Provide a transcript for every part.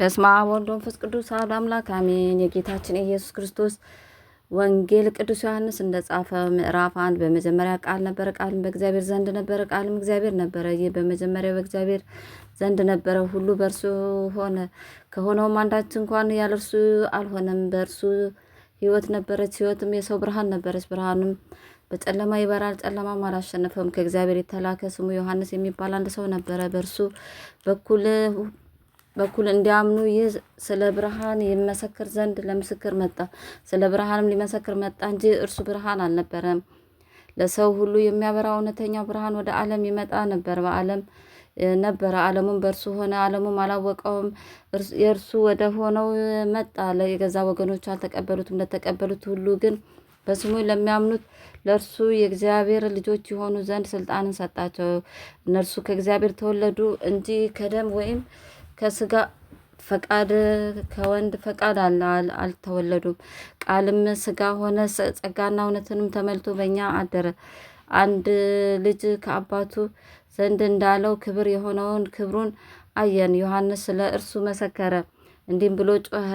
በስመ አብ ወወልድ ወመንፈስ ቅዱስ አሐዱ አምላክ አሜን። የጌታችን ኢየሱስ ክርስቶስ ወንጌል ቅዱስ ዮሐንስ እንደጻፈ ምዕራፍ አንድ በመጀመሪያ ቃል ነበረ፣ ቃልም በእግዚአብሔር ዘንድ ነበረ፣ ቃልም እግዚአብሔር ነበረ። ይህ በመጀመሪያ በእግዚአብሔር ዘንድ ነበረ። ሁሉ በእርሱ ሆነ፣ ከሆነውም አንዳች እንኳን ያለ እርሱ አልሆነም። በእርሱ ሕይወት ነበረች፣ ሕይወትም የሰው ብርሃን ነበረች። ብርሃንም በጨለማ ይበራል፣ ጨለማም አላሸነፈውም። ከእግዚአብሔር የተላከ ስሙ ዮሐንስ የሚባል አንድ ሰው ነበረ። በእርሱ በኩል በኩል እንዲያምኑ ይህ ስለ ብርሃን ይመሰክር ዘንድ ለምስክር መጣ። ስለ ብርሃንም ሊመሰክር መጣ እንጂ እርሱ ብርሃን አልነበረም። ለሰው ሁሉ የሚያበራ እውነተኛው ብርሃን ወደ ዓለም ይመጣ ነበር። በዓለም ነበረ፣ ዓለሙም በእርሱ ሆነ፣ ዓለሙም አላወቀውም። የእርሱ ወደ ሆነው መጣ፣ የገዛ ወገኖቹ አልተቀበሉትም። ለተቀበሉት ሁሉ ግን በስሙ ለሚያምኑት ለእርሱ የእግዚአብሔር ልጆች የሆኑ ዘንድ ስልጣንን ሰጣቸው። እነርሱ ከእግዚአብሔር ተወለዱ እንጂ ከደም ወይም ከስጋ ፈቃድ ከወንድ ፈቃድ አልተወለዱም። ቃልም ስጋ ሆነ፣ ጸጋና እውነትንም ተመልቶ በእኛ አደረ። አንድ ልጅ ከአባቱ ዘንድ እንዳለው ክብር የሆነውን ክብሩን አየን። ዮሐንስ ስለ እርሱ መሰከረ፣ እንዲህም ብሎ ጮኸ፣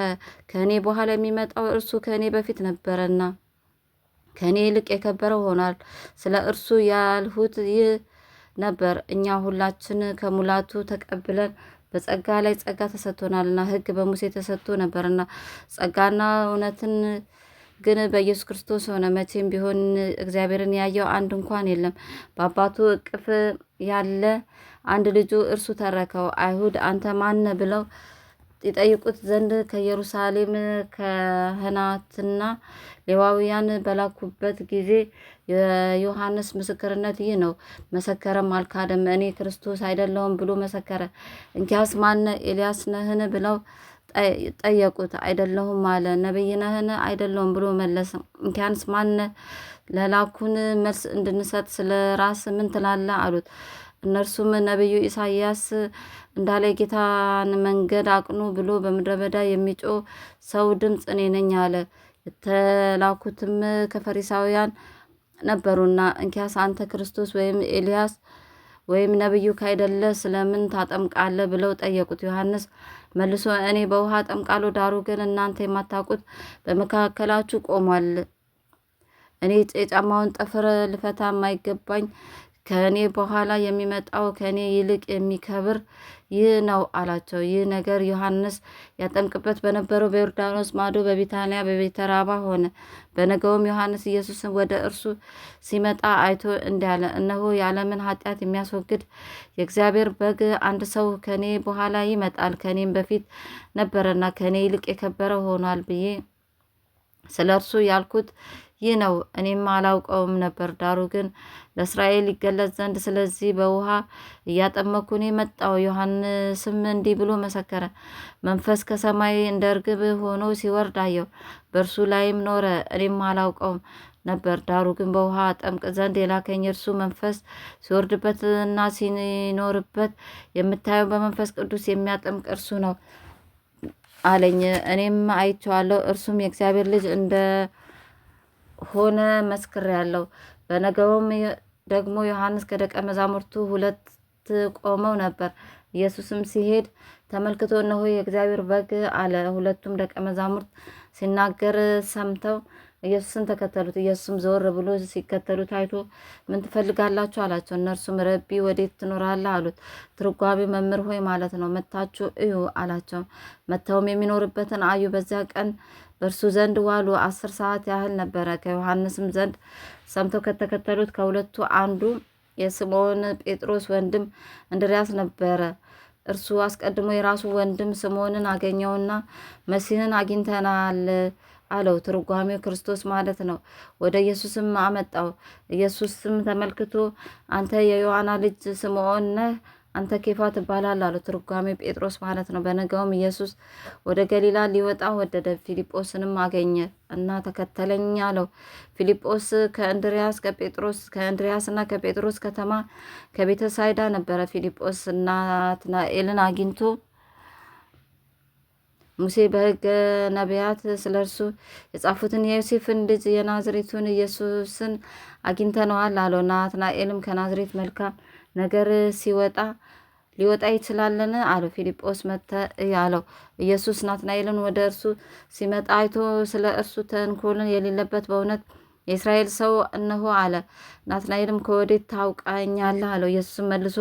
ከእኔ በኋላ የሚመጣው እርሱ ከእኔ በፊት ነበረና ከእኔ ይልቅ የከበረ ሆኗል። ስለ እርሱ ያልሁት ይህ ነበር። እኛ ሁላችን ከሙላቱ ተቀብለን በጸጋ ላይ ጸጋ ተሰጥቶናልና ሕግ በሙሴ ተሰጥቶ ነበርና ጸጋና እውነትን ግን በኢየሱስ ክርስቶስ ሆነ። መቼም ቢሆን እግዚአብሔርን ያየው አንድ እንኳን የለም። በአባቱ እቅፍ ያለ አንድ ልጁ እርሱ ተረከው። አይሁድ አንተ ማነ ብለው ይጠይቁት ዘንድ ከኢየሩሳሌም ካህናትና ሌዋውያን በላኩበት ጊዜ የዮሐንስ ምስክርነት ይህ ነው፤ መሰከረም፣ አልካደም። እኔ ክርስቶስ አይደለሁም ብሎ መሰከረ። እንኪያስ ማነ? ኤልያስ ነህን? ብለው ጠየቁት። አይደለሁም አለ። ነቢይ ነህን? አይደለሁም ብሎ መለሰ። እንኪያንስ ማነ? ለላኩን መልስ እንድንሰጥ ስለ ራስ ምን ትላለ አሉት። እነርሱም ነቢዩ ኢሳይያስ እንዳለ ጌታን መንገድ አቅኑ ብሎ በምድረ በዳ የሚጮ ሰው ድምፅ እኔ ነኝ አለ። የተላኩትም ከፈሪሳውያን ነበሩና እንኪያስ አንተ ክርስቶስ ወይም ኤልያስ ወይም ነቢዩ ካይደለ ስለምን ታጠምቃለ ብለው ጠየቁት። ዮሐንስ መልሶ እኔ በውሃ ጠምቃሉ፣ ዳሩ ግን እናንተ የማታውቁት በመካከላችሁ ቆሟል። እኔ የጫማውን ጠፍር ልፈታ የማይገባኝ ከእኔ በኋላ የሚመጣው ከእኔ ይልቅ የሚከብር ይህ ነው አላቸው። ይህ ነገር ዮሐንስ ያጠምቅበት በነበረው በዮርዳኖስ ማዶ በቢታንያ በቤተራባ ሆነ። በነገውም ዮሐንስ ኢየሱስን ወደ እርሱ ሲመጣ አይቶ እንዳለ እነሆ የዓለምን ኃጢአት የሚያስወግድ የእግዚአብሔር በግ አንድ ሰው ከእኔ በኋላ ይመጣል፣ ከእኔም በፊት ነበረና ከእኔ ይልቅ የከበረ ሆኗል ብዬ ስለ እርሱ ያልኩት ይህ ነው፣ እኔም አላውቀውም ነበር። ዳሩ ግን ለእስራኤል ይገለጽ ዘንድ ስለዚህ በውሃ እያጠመኩ እኔ መጣሁ። ዮሐንስም እንዲህ ብሎ መሰከረ፣ መንፈስ ከሰማይ እንደ እርግብ ሆኖ ሲወርድ አየው በእርሱ ላይም ኖረ። እኔም አላውቀውም ነበር ዳሩ ግን በውሃ አጠምቅ ዘንድ የላከኝ እርሱ መንፈስ ሲወርድበትና ሲኖርበት የምታየው በመንፈስ ቅዱስ የሚያጠምቅ እርሱ ነው አለኝ። እኔም አይቼዋለሁ፣ እርሱም የእግዚአብሔር ልጅ እንደ ሆነ መስክር ያለው። በነገውም ደግሞ ዮሐንስ ከደቀ መዛሙርቱ ሁለት ቆመው ነበር። ኢየሱስም ሲሄድ ተመልክቶ እነሆ የእግዚአብሔር በግ አለ። ሁለቱም ደቀ መዛሙርት ሲናገር ሰምተው ኢየሱስን ተከተሉት። ኢየሱስም ዘወር ብሎ ሲከተሉት አይቶ ምን ትፈልጋላችሁ አላቸው። እነርሱም ረቢ ወዴት ትኖራለህ አሉት። ትርጓሜ መምህር ሆይ ማለት ነው። መታችሁ እዩ አላቸው። መጥተውም የሚኖርበትን አዩ። በዚያ ቀን በእርሱ ዘንድ ዋሉ። አስር ሰዓት ያህል ነበረ። ከዮሐንስም ዘንድ ሰምተው ከተከተሉት ከሁለቱ አንዱ የስምዖን ጴጥሮስ ወንድም እንድርያስ ነበረ። እርሱ አስቀድሞ የራሱ ወንድም ስምዖንን አገኘውና መሲህን አግኝተናል አለው። ትርጓሜው ክርስቶስ ማለት ነው። ወደ ኢየሱስም አመጣው። ኢየሱስም ተመልክቶ አንተ የዮሐና ልጅ ስምዖን ነህ አንተ ኬፋ ትባላል አሉ። ትርጓሜ ጴጥሮስ ማለት ነው። በነገውም ኢየሱስ ወደ ገሊላ ሊወጣ ወደደ፣ ፊልጶስንም አገኘ እና ተከተለኝ አለው። ፊልጶስ ከእንድሪያስ ከጴጥሮስ ከእንድሪያስና ከጴጥሮስ ከተማ ከቤተ ሳይዳ ነበረ። ፊልጶስ እና ናትናኤልን አግኝቶ ሙሴ በሕገ ነቢያት ስለ እርሱ የጻፉትን የዮሴፍን ልጅ የናዝሬቱን ኢየሱስን አግኝተነዋል አለው። ናትናኤልም ከናዝሬት መልካም ነገር ሲወጣ ሊወጣ ይችላልን? አለው። ፊልጶስ መተ ያለው ኢየሱስ ናትናኤልን ወደ እርሱ ሲመጣ አይቶ ስለ እርሱ ተንኮልን የሌለበት በእውነት የእስራኤል ሰው እነሆ አለ። ናትናኤልም ከወዴት ታውቃኛለህ አለው። ኢየሱስም መልሶ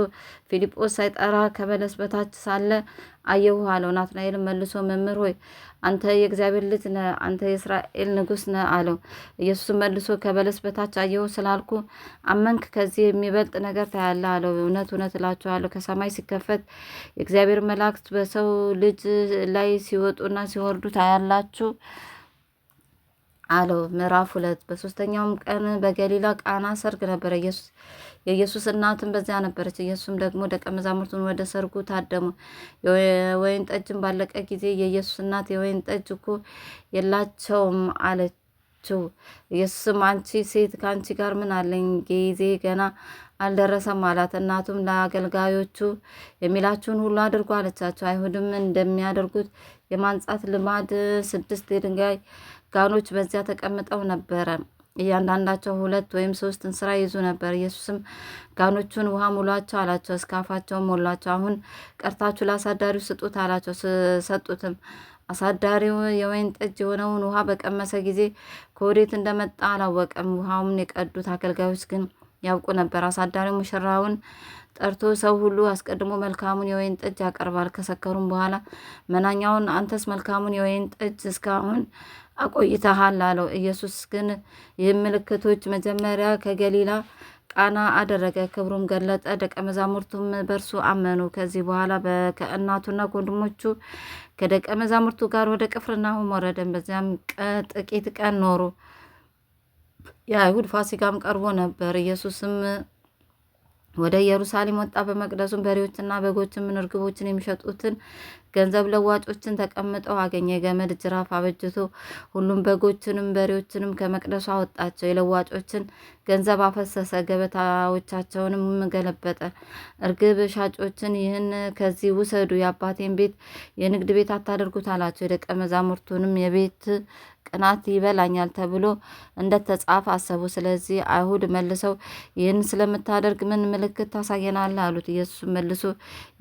ፊልጶስ ሳይጠራ ከበለስ በታች ሳለ አየሁ አለው። ናትናኤልም መልሶ መምህር ሆይ አንተ የእግዚአብሔር ልጅ ነ አንተ የእስራኤል ንጉሥ ነ አለው። ኢየሱስም መልሶ ከበለስ በታች አየሁ ስላልኩ አመንክ፣ ከዚህ የሚበልጥ ነገር ታያለህ አለው። እውነት እውነት እላችኋለሁ ከሰማይ ሲከፈት የእግዚአብሔር መላእክት በሰው ልጅ ላይ ሲወጡና ሲወርዱ ታያላችሁ። አለው። ምዕራፍ ሁለት በሶስተኛውም ቀን በገሊላ ቃና ሰርግ ነበረ። የኢየሱስ እናትም በዚያ ነበረች። ኢየሱስም ደግሞ ደቀ መዛሙርቱን ወደ ሰርጉ ታደሙ። የወይን ጠጅም ባለቀ ጊዜ የኢየሱስ እናት የወይን ጠጅ እኮ የላቸውም አለችው። ኢየሱስም አንቺ ሴት ከአንቺ ጋር ምን አለኝ? ጊዜ ገና አልደረሰም አላት። እናቱም ለአገልጋዮቹ የሚላችሁን ሁሉ አድርጓ አለቻቸው። አይሁድም እንደሚያደርጉት የማንጻት ልማድ ስድስት የድንጋይ ጋኖች በዚያ ተቀምጠው ነበረ። እያንዳንዳቸው ሁለት ወይም ሶስት እንስራ ይዙ ነበር። ኢየሱስም ጋኖቹን ውሃ ሙሏቸው አላቸው። እስከ አፋቸው ሞሏቸው። አሁን ቀርታችሁ ለአሳዳሪው ስጡት አላቸው። ሰጡትም። አሳዳሪው የወይን ጠጅ የሆነውን ውሃ በቀመሰ ጊዜ ከወዴት እንደመጣ አላወቀም። ውሃውም የቀዱት አገልጋዮች ግን ያውቁ ነበር። አሳዳሪው ሙሽራውን ጠርቶ ሰው ሁሉ አስቀድሞ መልካሙን የወይን ጠጅ ያቀርባል። ከሰከሩም በኋላ መናኛውን አንተስ መልካሙን የወይን ጠጅ እስካሁን አቆይተሃል አለው። ኢየሱስ ግን ይህ ምልክቶች መጀመሪያ ከገሊላ ቃና አደረገ፣ ክብሩም ገለጠ፣ ደቀ መዛሙርቱም በእርሱ አመኑ። ከዚህ በኋላ ከእናቱና ከወንድሞቹ ከደቀ መዛሙርቱ ጋር ወደ ቅፍርናሆም ወረደን። በዚያም ጥቂት ቀን ኖሩ። የአይሁድ ፋሲካም ቀርቦ ነበር። ኢየሱስም ወደ ኢየሩሳሌም ወጣ። በመቅደሱም በሬዎችና በጎችም ርግቦችን የሚሸጡትን ገንዘብ ለዋጮችን ተቀምጠው አገኘ። ገመድ ጅራፍ አበጅቶ ሁሉም በጎችንም በሬዎችንም ከመቅደሱ አወጣቸው። የለዋጮችን ገንዘብ አፈሰሰ፣ ገበታዎቻቸውንም ገለበጠ። እርግብ ሻጮችን ይህን ከዚህ ውሰዱ፣ የአባቴን ቤት የንግድ ቤት አታደርጉት አላቸው። የደቀ መዛሙርቱንም የቤት ቅናት ይበላኛል ተብሎ እንደተጻፈ አሰቡ። ስለዚህ አይሁድ መልሰው ይህን ስለምታደርግ ምን ምልክት ታሳየናለህ? አሉት። ኢየሱስ መልሶ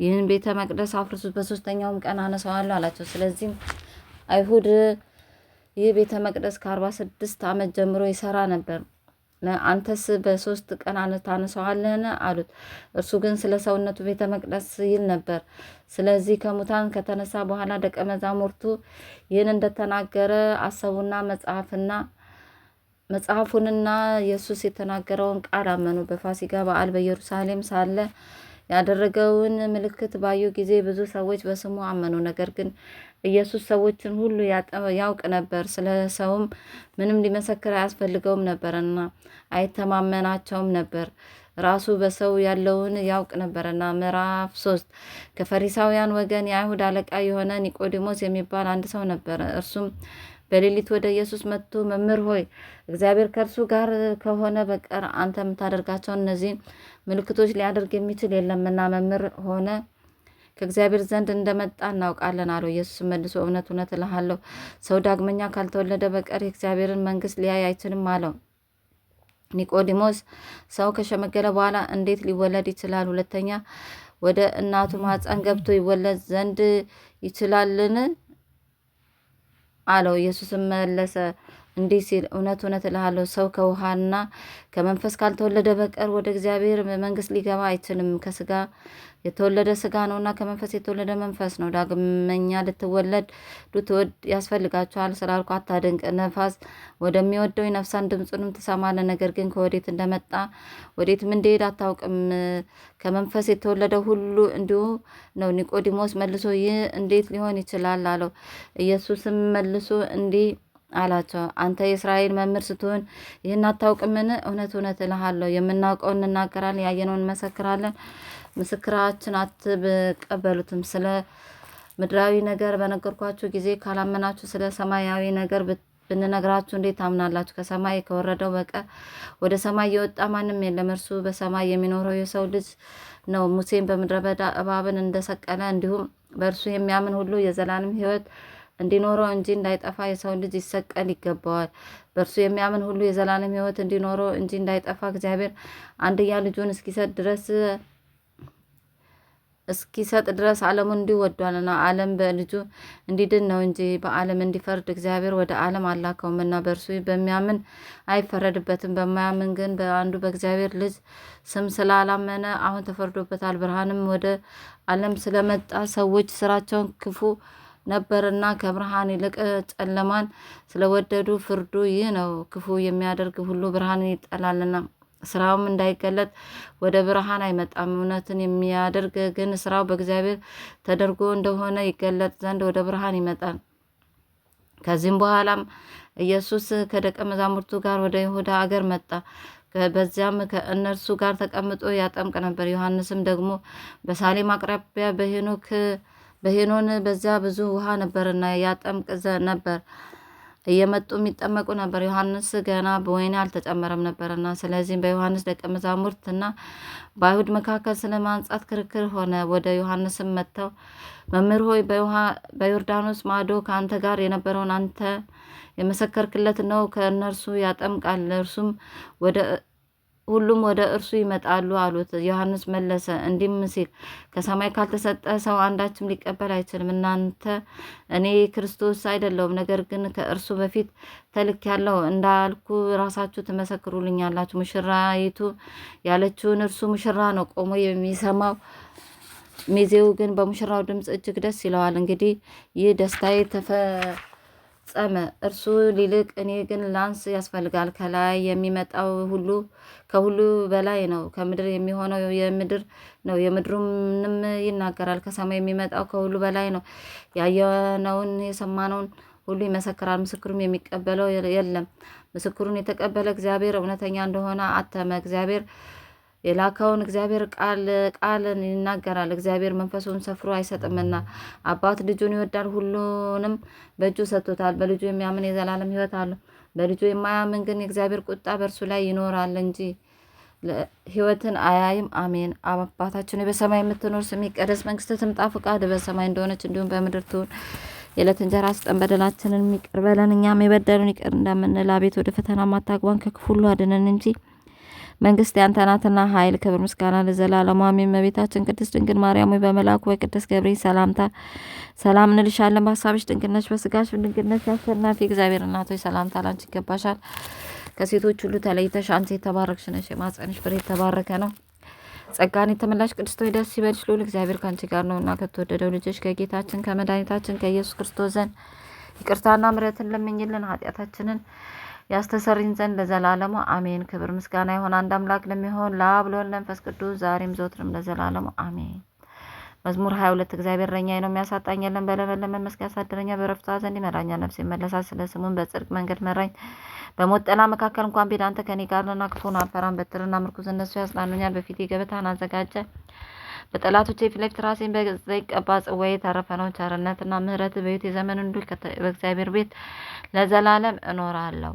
ይህን ቤተ መቅደስ አፍርሱት፣ በሶስተኛውም ቀን አነሳዋለሁ አላቸው። ስለዚህም አይሁድ ይህ ቤተ መቅደስ ከአርባ ስድስት ዓመት ጀምሮ ይሰራ ነበር። አንተስ በሶስት ቀን ታነሳዋለህን? አሉት። እርሱ ግን ስለ ሰውነቱ ቤተ መቅደስ ይል ነበር። ስለዚህ ከሙታን ከተነሳ በኋላ ደቀ መዛሙርቱ ይህን እንደተናገረ አሰቡና መጽሐፍና መጽሐፉንና ኢየሱስ የተናገረውን ቃል አመኑ። በፋሲጋ በዓል በኢየሩሳሌም ሳለ ያደረገውን ምልክት ባዩ ጊዜ ብዙ ሰዎች በስሙ አመኑ። ነገር ግን ኢየሱስ ሰዎችን ሁሉ ያውቅ ነበር፣ ስለ ሰውም ምንም ሊመሰክር አያስፈልገውም ነበርና አይተማመናቸውም ነበር። ራሱ በሰው ያለውን ያውቅ ነበርና። ምዕራፍ ሶስት ከፈሪሳውያን ወገን የአይሁድ አለቃ የሆነ ኒቆዲሞስ የሚባል አንድ ሰው ነበር። እርሱም በሌሊት ወደ ኢየሱስ መጥቶ መምህር ሆይ እግዚአብሔር ከእርሱ ጋር ከሆነ በቀር አንተ የምታደርጋቸው እነዚህን ምልክቶች ሊያደርግ የሚችል የለምና መምህር ሆነ ከእግዚአብሔር ዘንድ እንደመጣ እናውቃለን አለው። ኢየሱስ መልሶ እውነት እውነት እልሃለሁ ሰው ዳግመኛ ካልተወለደ በቀር የእግዚአብሔርን መንግሥት ሊያይ አይችልም አለው። ኒቆዲሞስ ሰው ከሸመገለ በኋላ እንዴት ሊወለድ ይችላል? ሁለተኛ ወደ እናቱ ማኅፀን ገብቶ ይወለድ ዘንድ ይችላልን? አለው። ኢየሱስም መለሰ እንዲህ ሲል እውነት እውነት እልሃለሁ ሰው ከውሃና ከመንፈስ ካልተወለደ በቀር ወደ እግዚአብሔር መንግስት ሊገባ አይችልም። ከስጋ የተወለደ ስጋ ነውና ከመንፈስ የተወለደ መንፈስ ነው። ዳግመኛ ልትወለድ ልትወድ ያስፈልጋችኋል ስላልኩ አታድንቅ። ነፋስ ወደሚወደው ይነፍሳን ድምፁንም ትሰማለ ነገር ግን ከወዴት እንደመጣ ወዴትም እንደሄድ አታውቅም። ከመንፈስ የተወለደ ሁሉ እንዲሁ ነው። ኒቆዲሞስ መልሶ ይህ እንዴት ሊሆን ይችላል አለው። ኢየሱስም መልሶ እንዲህ አላቸው። አንተ የእስራኤል መምህር ስትሆን ይህን አታውቅምን? እውነት እውነት እልሃለሁ የምናውቀውን እንናገራለን፣ ያየነውን እንመሰክራለን፣ ምስክራችን አትቀበሉትም። ስለ ምድራዊ ነገር በነገርኳችሁ ጊዜ ካላመናችሁ ስለ ሰማያዊ ነገር ብንነግራችሁ እንዴት ታምናላችሁ? ከሰማይ ከወረደው በቀር ወደ ሰማይ የወጣ ማንም የለም፣ እርሱ በሰማይ የሚኖረው የሰው ልጅ ነው። ሙሴን በምድረ በዳ እባብን እንደሰቀለ እንዲሁም በእርሱ የሚያምን ሁሉ የዘላለም ሕይወት እንዲኖረው እንጂ እንዳይጠፋ የሰው ልጅ ይሰቀል ይገባዋል። በእርሱ የሚያምን ሁሉ የዘላለም ሕይወት እንዲኖረው እንጂ እንዳይጠፋ እግዚአብሔር አንድያ ልጁን እስኪሰጥ ድረስ እስኪሰጥ ድረስ ዓለሙን እንዲሁ ዓለም በልጁ እንዲድን ነው እንጂ በዓለም እንዲፈርድ እግዚአብሔር ወደ ዓለም አላከውምና። በእርሱ በሚያምን አይፈረድበትም። በማያምን ግን በአንዱ በእግዚአብሔር ልጅ ስም ስላላመነ አሁን ተፈርዶበታል። ብርሃንም ወደ ዓለም ስለመጣ ሰዎች ስራቸውን ክፉ ነበርና ከብርሃን ይልቅ ጨለማን ስለወደዱ ፍርዱ ይህ ነው። ክፉ የሚያደርግ ሁሉ ብርሃንን ይጠላልና ስራውም እንዳይገለጥ ወደ ብርሃን አይመጣም። እውነትን የሚያደርግ ግን ስራው በእግዚአብሔር ተደርጎ እንደሆነ ይገለጥ ዘንድ ወደ ብርሃን ይመጣል። ከዚህም በኋላም ኢየሱስ ከደቀ መዛሙርቱ ጋር ወደ ይሁዳ አገር መጣ። በዚያም ከእነርሱ ጋር ተቀምጦ ያጠምቅ ነበር። ዮሐንስም ደግሞ በሳሌም አቅራቢያ በሄኖክ በሄኖን በዚያ ብዙ ውሃ ነበርና ያጠምቅ ነበር እየመጡ የሚጠመቁ ነበር። ዮሐንስ ገና በወይኒ አልተጨመረም ነበርና፣ ስለዚህም በዮሐንስ ደቀ መዛሙርትና በአይሁድ መካከል ስለ ማንጻት ክርክር ሆነ። ወደ ዮሐንስም መጥተው መምህር ሆይ በዮርዳኖስ ማዶ ከአንተ ጋር የነበረውን አንተ የመሰከርክለት ነው፣ ከእነርሱ ያጠምቃል፣ እርሱም ወደ ሁሉም ወደ እርሱ ይመጣሉ አሉት። ዮሐንስ መለሰ እንዲህም ሲል ከሰማይ ካልተሰጠ ሰው አንዳችም ሊቀበል አይችልም። እናንተ እኔ ክርስቶስ አይደለሁም፣ ነገር ግን ከእርሱ በፊት ተልክ ያለው እንዳልኩ ራሳችሁ ትመሰክሩልኛላችሁ። ሙሽራይቱ ያለችውን እርሱ ሙሽራ ነው። ቆሞ የሚሰማው ሚዜው ግን በሙሽራው ድምፅ እጅግ ደስ ይለዋል። እንግዲህ ይህ ደስታዬ ተፈ ፈጸመ። እርሱ ሊልቅ እኔ ግን ላንስ ያስፈልጋል። ከላይ የሚመጣው ሁሉ ከሁሉ በላይ ነው። ከምድር የሚሆነው የምድር ነው፣ የምድሩንም ይናገራል። ከሰማይ የሚመጣው ከሁሉ በላይ ነው። ያየነውን የሰማነውን ሁሉ ይመሰክራል፣ ምስክሩም የሚቀበለው የለም። ምስክሩን የተቀበለ እግዚአብሔር እውነተኛ እንደሆነ አተመ። እግዚአብሔር የላከውን እግዚአብሔር ቃል ቃልን ይናገራል። እግዚአብሔር መንፈሱን ሰፍሮ አይሰጥምና አባት ልጁን ይወዳል፣ ሁሉንም በእጁ ሰጥቶታል። በልጁ የሚያምን የዘላለም ሕይወት አለው። በልጁ የማያምን ግን የእግዚአብሔር ቁጣ በእርሱ ላይ ይኖራል እንጂ ሕይወትን አያይም። አሜን። አባታችን በሰማይ የምትኖር ስምህ ይቀደስ፣ መንግስት ትምጣ፣ ፍቃድ በሰማይ እንደሆነች እንዲሁም በምድር ትሁን። የዕለት እንጀራ ስጠን፣ በደላችንን ይቅር በለን እኛም የበደሉን ይቅር እንደምንል። አቤት ወደ ፈተና ማታግባን ከክፉ ሁሉ አድነን እንጂ መንግስት ያንተ ናትና ኃይል፣ ክብር፣ ምስጋና ለዘላለሙ አሜን። እመቤታችን ቅድስት ድንግል ማርያም ሆይ በመልአኩ በቅዱስ ገብርኤል ሰላምታ ሰላም እንልሻለን። በሀሳብሽ ድንግል ነሽ፣ በስጋሽ ድንግል ነሽ። አሸናፊ እግዚአብሔር እናት ሆይ ሰላምታ ላንቺ ይገባሻል። ከሴቶች ሁሉ ተለይተሽ አንቺ የተባረክሽ ነሽ፣ የማጸንሽ ፍሬ የተባረከ ነው። ጸጋን የተመላሽ ቅድስት ሆይ ደስ ይበልሽ፣ ልዑል እግዚአብሔር ከአንቺ ጋር ነው እና ከተወደደው ልጆች ከጌታችን ከመድኃኒታችን ከኢየሱስ ክርስቶስ ዘንድ ይቅርታና ምሕረትን ለምኝልን ኃጢአታችንን ያስተሰርኝ ዘንድ ለዘላለሙ አሜን። ክብር ምስጋና ይሆን አንድ አምላክ ለሚሆን ለአብ ለወልድ ለመንፈስ ቅዱስ ዛሬም ዘወትርም ለዘላለሙ አሜን። መዝሙር 22 እግዚአብሔር እረኛዬ ነው የሚያሳጣኝ የለም። በለመለመ መስክ ያሳድረኛ፣ በረፍቷ ዘንድ ይመራኛል። ነፍሴ ይመለሳል፣ ስለ ስሙን በጽድቅ መንገድ መራኝ። በሞት ጥላ መካከል እንኳን ብሄድ አንተ ከእኔ ጋር ነህና፣ ክፉን አልፈራም። በትርና ምርኩዝ እነሱ ያጽናኑኛል። በፊቴ ገበታን አዘጋጀ፣ በጠላቶቼ ፊት ለፊት ራሴን በዘይት ቀባህ። ጽዋዬ የተረፈ ነው፣ ቸርነትና ምሕረትህ በሕይወቴ ዘመን ሁሉ በእግዚአብሔር ቤት ለዘላለም እኖራለሁ።